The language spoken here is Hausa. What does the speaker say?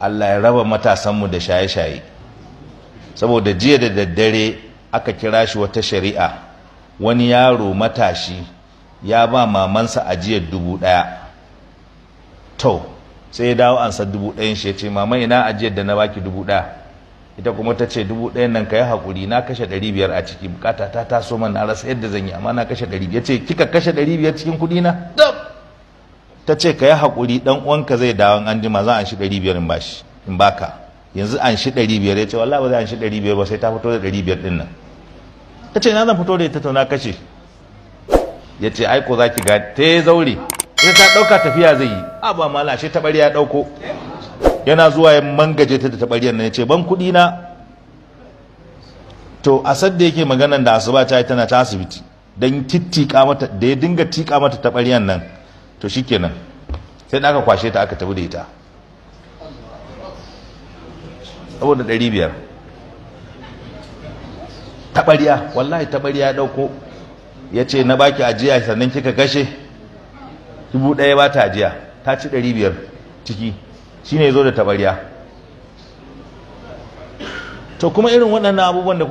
Allah ya raba matasanmu da shaye-shaye saboda jiya da daddare aka kira shi wata shari'a wani yaro matashi ya ba mamansa ajiyar dubu ɗaya to sai ya dawo ansa dubu ɗayan shi ya ce mama ina ajiyar da na baki dubu ɗaya ita kuma ta ce dubu ɗayan nan ka yi haƙuri na kashe ɗari biyar a ciki bukata ta taso man na rasa yadda zan yi amma na kashe ɗari biyar ce kika kashe ɗari biyar cikin kuɗi na dab ta ce ka yi haƙuri ɗan uwanka zai dawo an jima za a shi ɗari biyar in bashi in baka yanzu an shi ɗari biyar ya ce wallahi ba zai an shi ɗari biyar ba sai ta fito da ɗari biyar ɗin nan ta ce na zan fito da ita ta na kashe ya ce ai ko za ki ga ta yi zaure ita ta ɗauka tafiya zai yi a ba mala shi taɓari ya ɗauko yana zuwa ya mangaje ta da taɓariyar nan ya ce ban kuɗi na to a da yake maganan da asuba ta yi tana ta asibiti don tittika mata da ya dinga tiƙa mata taɓariyar nan to shikenan sai da aka kwashe ta aka tafi da ita saboda ɗari biyar taɓariya wallahi taɓariya ya ɗauko ya ce na baki ajiya sannan kika kashe dubu ɗaya ba ta ajiya ta ci ɗari biyar ciki shine ya zo da taɓariya to kuma irin waɗannan abubuwan da